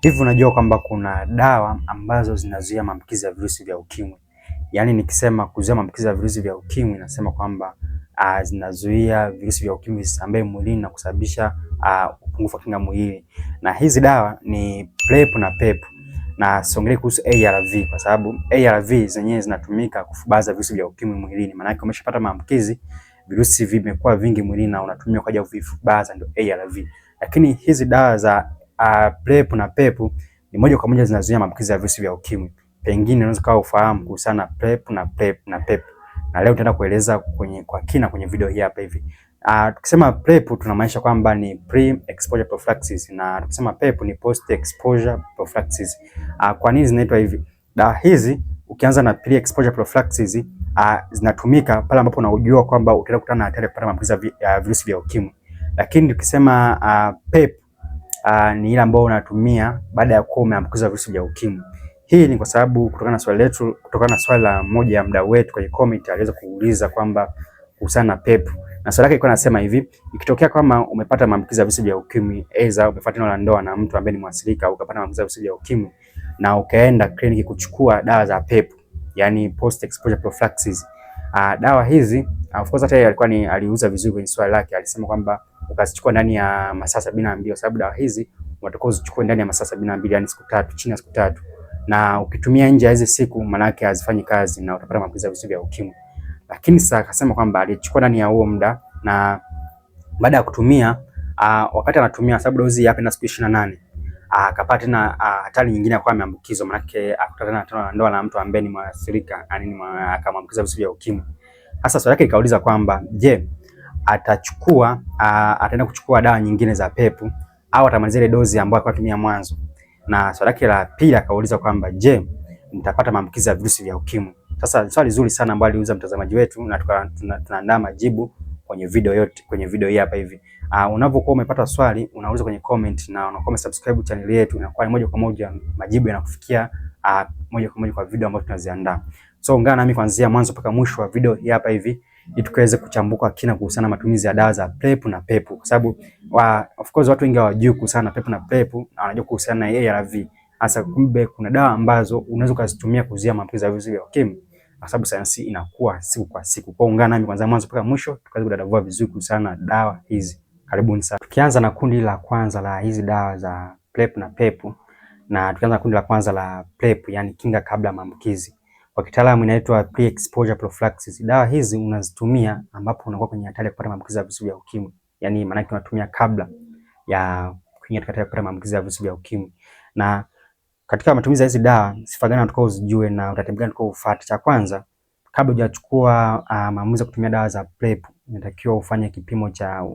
Hivi unajua kwamba kuna dawa ambazo zinazuia maambukizi ya virusi vya ukimwi? Yaani nikisema kuzuia maambukizi ya virusi vya ukimwi nasema kwamba uh, zinazuia virusi vya ukimwi zisambae mwilini na kusababisha ah, upungufu uh, wa kinga mwilini, na hizi dawa ni PrEP na PEP, na siongelee kuhusu ARV kwa sababu ARV zenyewe zinatumika kufubaza virusi vya ukimwi mwilini. Maana yake umeshapata maambukizi, virusi vimekuwa vingi mwilini na unatumia kwa ajili ya kuvifubaza, ndio ARV. Lakini hizi dawa za uh, PrEP na PEP ni moja kwa moja zinazuia maambukizi ya virusi vya ukimwi. Pengine unaweza kawa ufahamu kuhusiana na PrEP na PEP na PEP. Na leo tutaenda kueleza kwenye kwa kina kwenye video hii hapa hivi. Uh, tukisema PrEP tunamaanisha kwamba ni pre exposure prophylaxis na tukisema PEP ni post exposure prophylaxis. Uh, kwa nini zinaitwa hivi? Da hizi ukianza na pre exposure prophylaxis uh, zinatumika pale ambapo unajua kwamba utaenda kukutana na hatari ya kupata maambukizi ya virusi vya ukimwi. Lakini tukisema uh, PEP uh, ni ile ambayo unatumia baada ya kuwa umeambukizwa virusi vya ukimwi. Hii ni kwa sababu kutokana na swali letu, kutokana na swali la mmoja ya mdau wetu kwenye comment aliweza kuuliza kwamba kuhusiana na PEP na swali lake ilikuwa nasema hivi: ikitokea kama umepata maambukizi ya virusi vya ukimwi, aidha umefuatana na ndoa na mtu ambaye ni mwathirika au ukapata maambukizi ya virusi vya ukimwi na ukaenda kliniki kuchukua dawa za PEP, yani post exposure prophylaxis. Uh, dawa hizi uh, of course, hata yeye alikuwa ni aliuza vizuri kwenye swali lake, alisema kwamba ukazichukua ndani ya masaa sabini na mbili kwa sababu dawa hizi unatakiwa uzichukue ndani ya masaa sabini na mbili yani siku tatu, chini ya siku tatu, na ukitumia nje ya hizi siku manake hazifanyi kazi na utapata maambukizi ya virusi vya ukimwi. Lakini sasa akasema kwamba alichukua ndani ya huo muda na baada ya kutumia uh, wakati anatumia sababu dozi yake na siku 28 na nane akapata uh, tena hatari nyingine ya kuwa ameambukizwa, manake akutana tena na ndoa na mtu ambaye ni mwathirika, yani akamwambukiza virusi vya ukimwi. Sasa swali yake ikauliza kwamba je, atachukua uh, ataenda kuchukua dawa nyingine za pepo au atamaliza ile dozi ambayo alikuwa anatumia mwanzo. Na swali lake la pili akauliza kwamba je, nitapata maambukizi ya virusi vya ukimwi? Sasa swali zuri sana ambalo aliuliza mtazamaji wetu na tunaandaa tuna majibu kwenye video yote, kwenye video hii hapa hivi. Uh, unapokuwa umepata swali unauliza kwenye comment na una comment subscribe channel yetu, inakuwa moja kwa moja majibu yanakufikia uh, moja kwa moja kwa video ambazo tunaziandaa. So ungana nami kuanzia mwanzo mpaka mwisho wa video hii hapa hivi ili tukaweze kuchambuka kina kuhusiana na matumizi ya dawa za PrEP na PEP, kwa sababu wa, of course watu wengi hawajui kuhusiana na PEP na PEP na wanajua kuhusiana na ARV. Hasa kumbe kuna dawa ambazo unaweza kuzitumia kuzuia maambukizi ya virusi vya ukimwi, kwa sababu sayansi inakuwa siku kwa siku. Kwa ungana nami kwanza mwanzo mpaka mwisho, tukaweza kudadavua vizuri kuhusiana na dawa hizi. Karibuni sana. Tukianza na kundi la kwanza la hizi dawa za PrEP na PEP, na tukianza na kundi la kwanza la PrEP, yani kinga kabla ya maambukizi kwa kitaalamu inaitwa pre-exposure prophylaxis. Dawa hizi unazitumia ambapo unakuwa kwenye hatari ya kupata maambukizi ya virusi vya ukimwi, yani maana yake unatumia kabla ya kuingia katika kupata maambukizi ya virusi vya ukimwi. Na katika matumizi ya hizi dawa, sifa gani unatakiwa uzijue na utaratibu gani unatakiwa ufuate? Cha kwanza, kabla hujachukua uh, maamuzi ya kutumia dawa za PrEP, unatakiwa ufanye kipimo cha uh,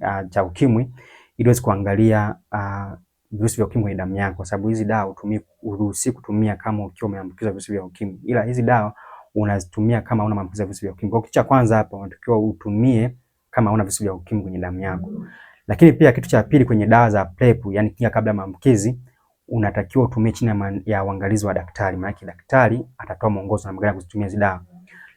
uh, cha ukimwi ili uweze kuangalia uh, virusi vya ukimwi kwenye damu yako, kwa sababu hizi dawa utumii uruhusi kutumia kama ukiwa umeambukizwa virusi vya ukimwi, ila hizi dawa unazitumia kama una maambukizi ya virusi vya ukimwi. Kwa kitu cha kwanza hapa unatakiwa utumie kama una virusi vya ukimwi kwenye damu yako. Lakini pia kitu cha pili kwenye dawa za PrEP, yani kinga kabla ya maambukizi, unatakiwa utumie chini ya uangalizi wa daktari, maana daktari atatoa mwongozo namna gani kuzitumia hizi dawa.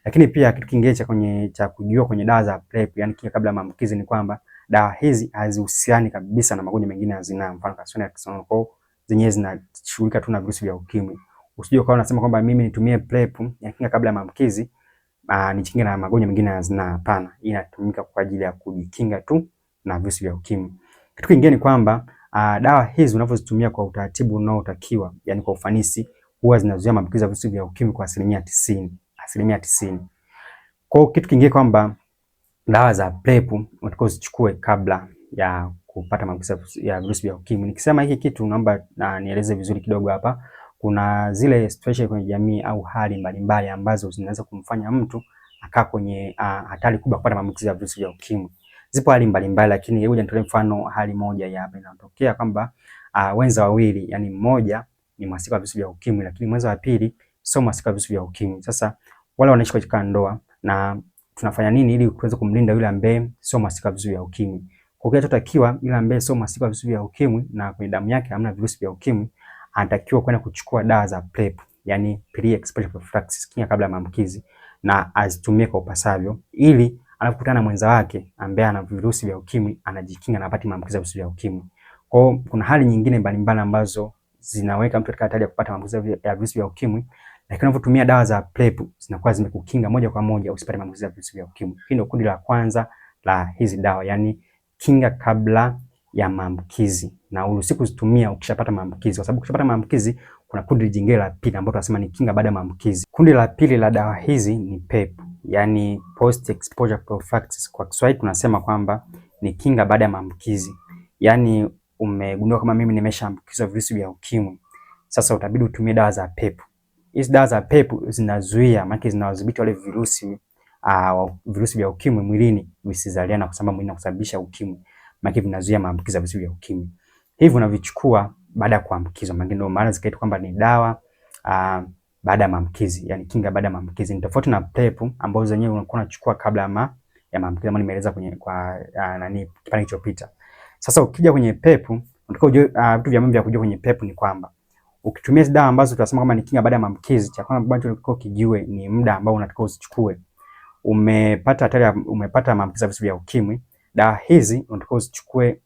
Lakini pia kitu kingine cha kwenye cha kujua kwenye dawa za PrEP, yani kinga kabla ya maambukizi ni kwamba dawa hizi hazihusiani kabisa na magonjwa mengine ya zinaa, mfano kasoni ya kisonono. Kwa zenyewe zinashughulika tu na virusi vya ukimwi. Usije ukawa unasema kwamba mimi nitumie PrEP ya kinga kabla ya maambukizi uh, ah, nijikinge na magonjwa mengine ya zinaa. Hapana, inatumika kwa ajili ya kujikinga tu na virusi vya ukimwi. Kitu kingine ni kwamba uh, dawa hizi unavyozitumia kwa utaratibu unaotakiwa, yani kwa ufanisi, huwa zinazuia maambukizi ya virusi vya ukimwi kwa asilimia tisini asilimia tisini. Kwa kitu kingine kwamba dawa za PrEP unatakiwa uzichukue kabla ya kupata maambukizi ya virusi vya ukimwi. Nikisema hiki kitu naomba na nieleze vizuri kidogo hapa. Kuna zile situation kwenye jamii au hali mbalimbali mbali ambazo zinaweza kumfanya mtu akaa kwenye uh, hatari kubwa kupata maambukizi ya virusi vya ukimwi. Zipo hali mbalimbali, lakini hebu nitolee mfano hali moja ya hapa. Inatokea kwamba uh, wenza wawili, yani mmoja ni mwasika wa virusi vya ukimwi, lakini mwenza wa pili sio mwasika wa virusi vya ukimwi. Sasa wale wanaishi katika ndoa na tunafanya nini ili tuweze kumlinda yule ambaye sio masika vizuri ya ukimwi. Kwa hiyo tunatakiwa yule ambaye sio masika vizuri ya ukimwi na kwenye damu yake hamna virusi vya ukimwi, anatakiwa kwenda kuchukua dawa za PrEP, yani pre exposure prophylaxis, kinga kabla ya maambukizi, na azitumie kwa upasavyo ili anapokutana na mwenza wake ambaye ana virusi vya ukimwi anajikinga na apate maambukizi ya virusi vya ukimwi. Kwa hiyo kuna hali nyingine mbalimbali ambazo zinaweka mtu katika hatari ya kupata maambukizi ya virusi vya ukimwi lakini unapotumia dawa za PrEP zinakuwa zimekukinga moja kwa moja usipate maambukizi ya virusi vya ukimwi. Hii ndio kundi la kwanza la hizi dawa, yani kinga kabla ya maambukizi, na uruhusi kuzitumia ukishapata maambukizi, kwa sababu ukishapata maambukizi kuna kundi jingine la pili ambalo tunasema ni kinga baada ya maambukizi. Kundi la pili la dawa hizi ni PEP, yani post exposure prophylaxis. Kwa Kiswahili tunasema kwamba ni kinga baada ya maambukizi, yani umegundua kama mimi nimeshaambukizwa virusi vya ukimwi, sasa utabidi utumie dawa za PEP hizi dawa za pepo zinazuia, maana zinawadhibiti wale virusi uh, virusi vya ukimwi mwilini visizaliane na kusambaa mwilini na kusababisha ukimwi, maana vinazuia maambukizi ya virusi vya ukimwi. Hivi unavichukua baada ya kuambukizwa, maana ndio maana zikaitwa kwamba ni dawa uh, baada ya maambukizi, yani kinga baada ya maambukizi. Ni tofauti na pepo ambazo zenyewe unakuwa unachukua kabla ama ya maambukizi, kama nimeeleza kwenye kwa uh, nani kipande kilichopita. Sasa ukija kwenye pepo, unataka ujue uh, vitu vya mambo vya kujua kwenye pepo ni kwamba ukitumia hizo dawa ambazo tunasema kama ni kinga baada ya maambukizi, cha kwanza bwana tunatakiwa kijue ni muda ambao unatakiwa usichukue. Umepata hatari, umepata maambukizi ya virusi vya ukimwi, dawa hizi unatakiwa usichukue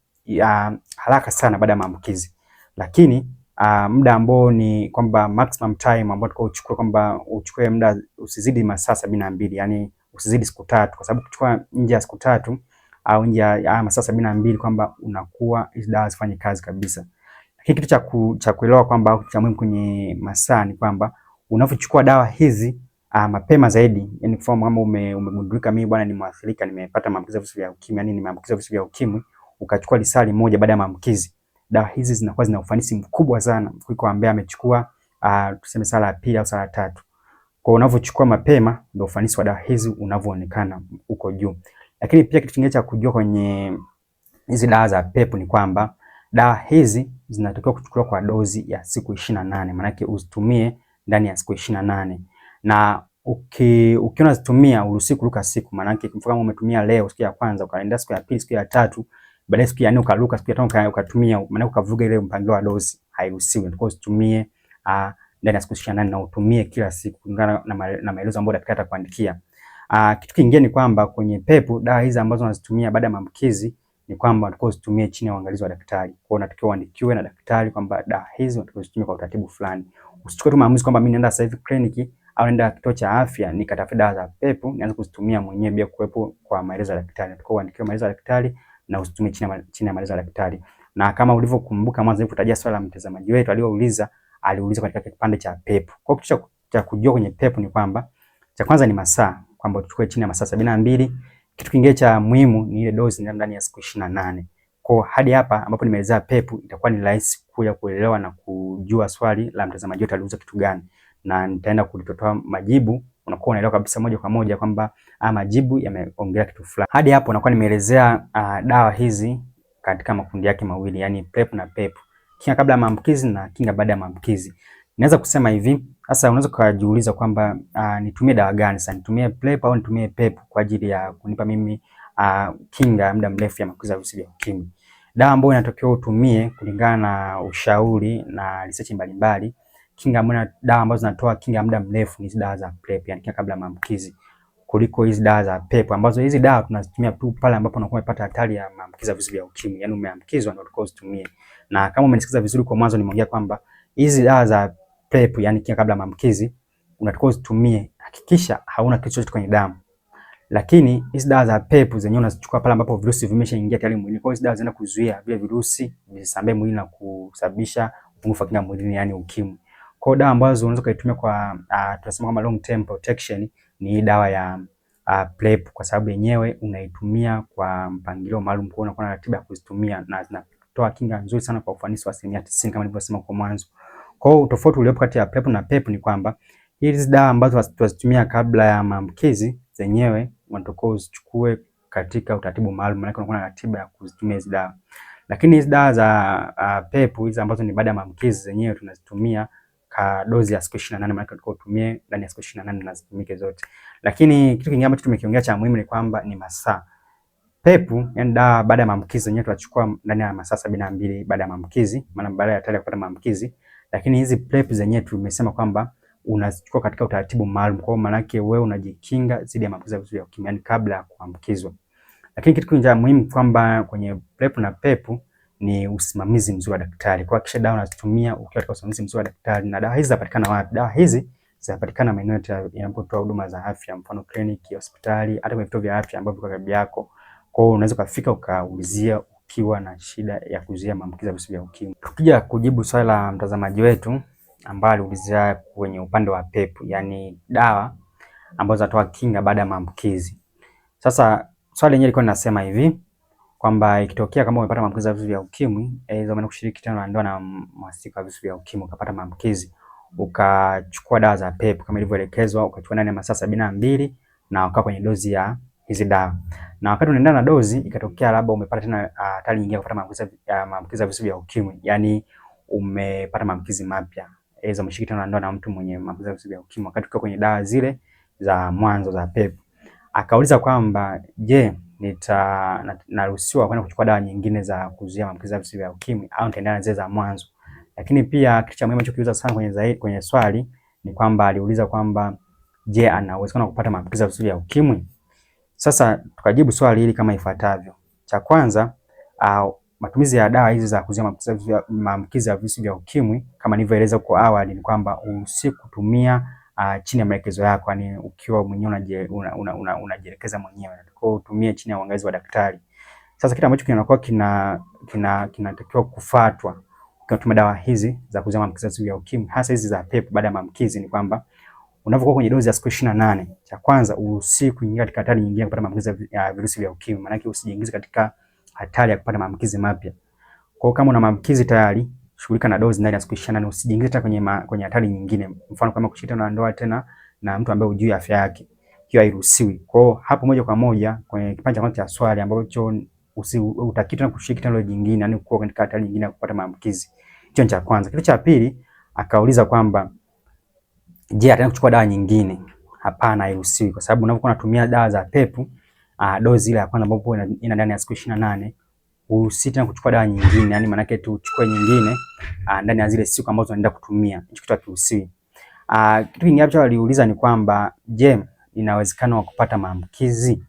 haraka sana baada ya maambukizi, lakini uh, muda ambao ni kwamba maximum time ambao tunatakiwa uchukue kwamba uchukue muda usizidi masaa sabini na mbili yani usizidi siku tatu, kwa sababu kuchukua nje ya siku tatu au nje ya masaa sabini na mbili kwamba unakuwa hizo dawa zifanye kazi kabisa. Lakini kitu cha ku, cha kuelewa kwamba cha muhimu kwenye masaa ni kwamba unavyochukua dawa hizi uh, mapema zaidi, yani kwa kama ume, umegundulika mimi bwana ni mwathirika nimepata maambukizi ya virusi vya ukimwi, yani nimeambukizwa virusi vya ukimwi, ukachukua lisali moja baada ya maambukizi, dawa hizi zinakuwa zina ufanisi mkubwa sana kuliko ambaye amechukua uh, tuseme sala ya pili au sala ya tatu. Kwa unavyochukua mapema ndio ufanisi wa dawa hizi unavyoonekana huko juu. Lakini pia kitu kingine cha kujua kwenye hizi dawa za pepo ni kwamba Dawa hizi zinatakiwa kuchukuliwa kwa dozi ya siku ishirini na nane maanake uzitumie ndani ya siku ishirini na nane na uki, ukiona unazitumia uruhusi kuruka siku, maanake kama umetumia leo siku ya kwanza ukaenda siku ya pili, siku ya tatu, baadaye siku ya nne ukaruka, siku ya tano ukatumia, maana ukavuga ile mpangilio wa dozi, hairuhusiwi. Unatakiwa uzitumie ah, ndani ya siku ishirini na nane na utumie kila siku kulingana na maelezo ambayo daktari atakuandikia. Ah, kitu kingine ni kwamba kwenye pepo, dawa hizi ambazo unazitumia baada ya maambukizi ni kwamba unatakiwa usitumie chini ya uangalizi wa daktari. Kwa hiyo unatakiwa uandikiwe na daktari kwamba dawa hizi unatakiwa usitumie kwa utaratibu fulani. Usichukue tu maamuzi kwamba mimi naenda sasa hivi kliniki au naenda kituo cha afya nikatafuta dawa za pepo nianze kuzitumia mwenyewe bila kuwepo kwa maelezo ya daktari. Unatakiwa uandikiwe maelezo ya daktari na usitumie chini ya maelezo ya daktari. Na kama ulivyokumbuka mwanzo nilipotajia swala la mtazamaji wetu aliouliza, aliuliza katika kipande cha pepo. Kwa hiyo kitu cha kujua kwenye pepo ni kwamba cha kwanza ni masaa, kwamba tuchukue chini ya masaa sabini na mbili kitu kingine cha muhimu ni ile dozi ndani ya siku 28. na nane. Kwa hadi hapa ambapo nimeelezea PEP, itakuwa ni rahisi kuja kuelewa na kujua swali la mtazamaji wetu aliuliza kitu gani, na nitaenda kulitotoa majibu, unakuwa unaelewa kabisa moja kwa moja kwamba ah, majibu yameongea kitu fulani. Hadi hapo nakuwa nimeelezea uh, dawa hizi katika makundi yake mawili, yani PrEP na PEP, kinga kabla ya maambukizi na kinga baada ya maambukizi. Naweza kusema hivi sasa, unaweza kujiuliza kwamba ah, nitumie dawa gani sasa, nitumie PrEP au nitumie PEP kwa ajili ya kunipa mimi uh, kinga muda mrefu ya maambukizi ya virusi vya ukimwi. Dawa ambayo inatakiwa utumie kulingana na ushauri na research mbalimbali, kinga ambayo, dawa ambazo zinatoa kinga muda mrefu ni dawa za PrEP, yani kinga kabla ya maambukizi kuliko hizi dawa za PEP ambazo hizi dawa tunazitumia tu pale ambapo unakuwa umepata hatari ya maambukizi ya virusi vya ukimwi, yani umeambukizwa ndio usitumie. Na kama umenisikiza vizuri kwa mwanzo, nimeongea kwamba hizi dawa za PrEP, yani kinga kabla maambukizi, unatakiwa uzitumie, hakikisha hauna kitu chochote kwenye damu. Lakini hizi dawa za PEP zenyewe unazichukua pale ambapo virusi vimeshaingia tayari mwilini. Kwa hiyo hizi dawa zinaenda kuzuia vile virusi visambae mwilini na kusababisha upungufu wa kinga mwilini, yani ukimwi. Kwa hiyo dawa ambazo unaweza kuitumia kwa uh, tunasema kama long term protection ni dawa ya uh, ah, PrEP kwa sababu yenyewe unaitumia kwa mpangilio maalum, kwa unakuwa na ratiba ya kuzitumia na zinatoa kinga nzuri sana kwa ufanisi wa asilimia tisini kama nilivyosema kwa mwanzo. Kwa hiyo tofauti uliopo kati ya PrEP na PEP ni kwamba hizi dawa ambazo tunazitumia kabla ya maambukizi zenyewe wanatakiwa uzichukue katika utaratibu maalum, maana kuna ratiba ya kuzitumia hizi dawa. Lakini hizi dawa za uh, PEP hizi ambazo ni baada ya maambukizi zenyewe tunazitumia ka dozi ya siku 28, maana tunatakiwa utumie ndani ya siku 28 na zitumike zote. Lakini kitu kingine ambacho tumekiongea cha muhimu ni kwamba ni masaa PEP, yani dawa baada ya maambukizi yenyewe tunachukua ndani ya masaa 72 baada ya maambukizi, maana baada ya tarehe ya kupata maambukizi lakini hizi prep zenyewe tumesema kwamba unachukua katika utaratibu maalum. Kwa maana yake wewe unajikinga dhidi ya maambukizi ya virusi vya ukimwi kabla ya kuambukizwa. Lakini kitu kingine muhimu kwamba kwenye prep na pepu ni usimamizi mzuri wa daktari. Kwa kisha dawa unazitumia ukiwa katika usimamizi mzuri wa daktari. Na dawa hizi zinapatikana wapi? Dawa hizi zinapatikana maeneo yanapotoa huduma za afya, mfano kliniki, hospitali, hata kwenye vituo vya afya ambavyo kwa karibu yako. Kwa hiyo unaweza kufika ukaulizia ukiwa na shida ya kuzuia maambukizi ya virusi vya ukimwi. Tukija kujibu swali la mtazamaji wetu ambaye aliuliza kwenye upande wa pepu, yani dawa ambazo zinatoa kinga baada ya maambukizi. Sasa swali lenyewe liko linasema hivi kwamba ikitokea kama umepata maambukizi ya virusi vya ukimwi, eh, aidha umeenda kushiriki tendo la ndoa na mwathirika wa virusi vya ukimwi ukapata maambukizi, ukachukua dawa za pepu kama ilivyoelekezwa, ukachukua ndani ya masaa sabini na mbili na ukaa kwenye dozi ya hizi dawa. Na wakati unaendana na dozi ikatokea labda umepata tena ah, hatari uh, nyingine kupata maambukizi ya ah, maambukizi ya virusi vya ukimwi, yani umepata maambukizi mapya. Aidha umeshiriki tena ndoa na mtu mwenye maambukizi ya virusi vya ukimwi wakati ukiwa kwenye dawa zile za mwanzo za PEP. Akauliza kwamba je, nita naruhusiwa kwenda kuchukua dawa nyingine za kuzuia maambukizi ya virusi vya ukimwi au nitaendelea na zile za mwanzo? Lakini pia kitu cha muhimu alichokiuliza sana kwenye zaidi, kwenye swali ni kwamba aliuliza kwamba je, ana uwezekano wa kupata maambukizi ya virusi vya ukimwi? Sasa tukajibu swali hili kama ifuatavyo. Cha kwanza, uh, matumizi ya dawa hizi za kuzuia maambukizi ya virusi vya ukimwi kama nilivyoeleza huko awali ni kwamba usikutumia uh, chini ya maelekezo yako, yani ukiwa mwenyewe unajielekeza una, una, una, una mwenyewe, unatakiwa utumie chini ya uangalizi wa daktari. Sasa kile ambacho kinakuwa kina kina kinatakiwa kufuatwa kwa dawa hizi za kuzuia maambukizi ya ukimwi hasa hizi za PEP baada ya maambukizi ni kwamba Unapokuwa kwenye dozi ya siku 28, cha kwanza uruhusi kuingia katika hatari nyingine kupata maambukizi ya virusi vya ukimwi. Maana yake usijiingize katika hatari ya kupata maambukizi mapya. Kwa hiyo kama una maambukizi tayari, shughulika na dozi ndani ya siku 28, usijiingize tena kwenye ma, kwenye hatari nyingine. Mfano kama kushita na ndoa tena na mtu ambaye hujui afya yake. Hiyo hairuhusiwi. Kwa hiyo hapo moja kwa moja kwenye kipande cha cha swali ambacho utakiri tena dozi nyingine, yani kuwa katika hatari nyingine ya kupata maambukizi. Hicho cha kwanza. Kitu cha pili akauliza kwamba Je, ataenda kuchukua dawa nyingine? Hapana, hairuhusiwi kwa sababu unapokuwa unatumia dawa za pepo uh, dozi ile ya kwanza ambapo ina ndani ya siku 28 usiti na kuchukua dawa nyingine, yani maanake tu uchukue nyingine uh, ndani ya zile siku ambazo unaenda kutumia. Hicho kitu hakiruhusiwi. Uh, kitu kingine ambacho waliuliza ni kwamba je, inawezekana wa kupata maambukizi?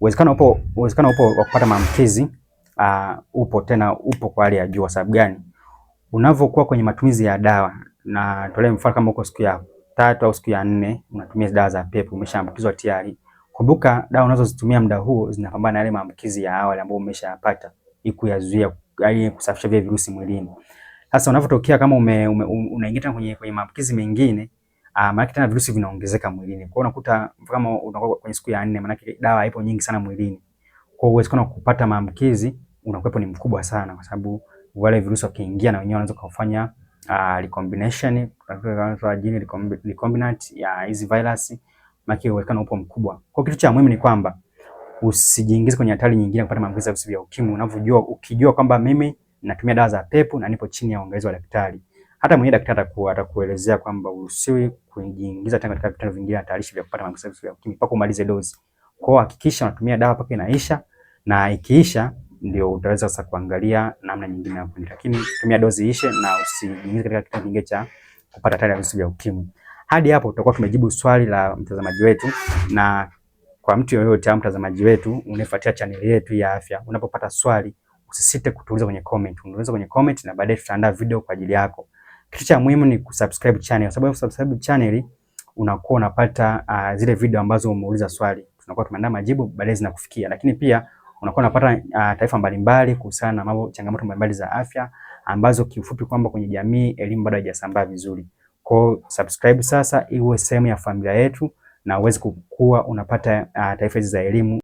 Uwezekano upo, uwezekano upo wa kupata maambukizi uh, upo tena upo kwa hali ya juu. Sababu gani? Unavyokuwa kwenye matumizi ya dawa na tolea mfano kama uko siku ya tatu au siku ya nne unatumia dawa za pepo, umeshaambukizwa tayari. Kumbuka dawa unazozitumia muda huo zinapambana na yale maambukizi ya awali ambayo umeshapata ili kuyazuia ili yaani kusafisha vile virusi mwilini. Sasa unapotokea kama ume, ume, unaingia kwenye kwenye maambukizi mengine ah, maana tena virusi vinaongezeka mwilini. Kwa hiyo unakuta kama unakuwa kwenye siku ya nne, maana dawa haipo nyingi sana mwilini. Kwa hiyo uwezekano kupata maambukizi unakuwepo ni mkubwa sana, kwa sababu wale virusi wakiingia na wenyewe wanaweza kufanya uh, recombination tunaitwa jini recombinant ya hizi virus, maki uwezekano upo mkubwa. Kwa kitu cha muhimu ni kwamba usijiingize kwenye hatari nyingine kupata maambukizi ya virusi vya ukimwi. Unavyojua, ukijua kwamba mimi natumia dawa za pepo na nipo chini ya uangalizi wa daktari, hata mwenye daktari atakuwa atakuelezea kwamba usiwe kujiingiza tena katika vitendo vingine hatarishi vya kupata maambukizi ya virusi vya ukimwi mpaka umalize dozi. Kwa hiyo hakikisha unatumia dawa mpaka inaisha, na ikiisha ndio utaweza sasa kuangalia namna nyingine ya kuni, lakini tumia dozi ishe na usijiingize katika kitu kingine cha kupata hatari ya virusi vya ukimwi. Hadi hapo tutakuwa tumejibu swali la mtazamaji wetu, na kwa mtu yoyote au mtazamaji wetu unefuatia chaneli yetu ya afya, unapopata swali usisite kutuuliza kwenye comment, unaweza kwenye comment na baadaye tutaandaa video kwa ajili yako. Kitu cha muhimu ni kusubscribe channel, kwa sababu subscribe channel unakuwa unapata uh, zile video ambazo umeuliza swali, tunakuwa tumeandaa majibu baadaye zinakufikia, lakini pia unakuwa unapata uh, ah, taarifa mbalimbali kuhusiana na mambo changamoto mbalimbali za afya ambazo kiufupi kwamba kwenye jamii elimu bado haijasambaa vizuri. Kwa subscribe sasa iwe sehemu ya familia yetu na uweze kukua unapata uh, ah, taarifa hizi za elimu.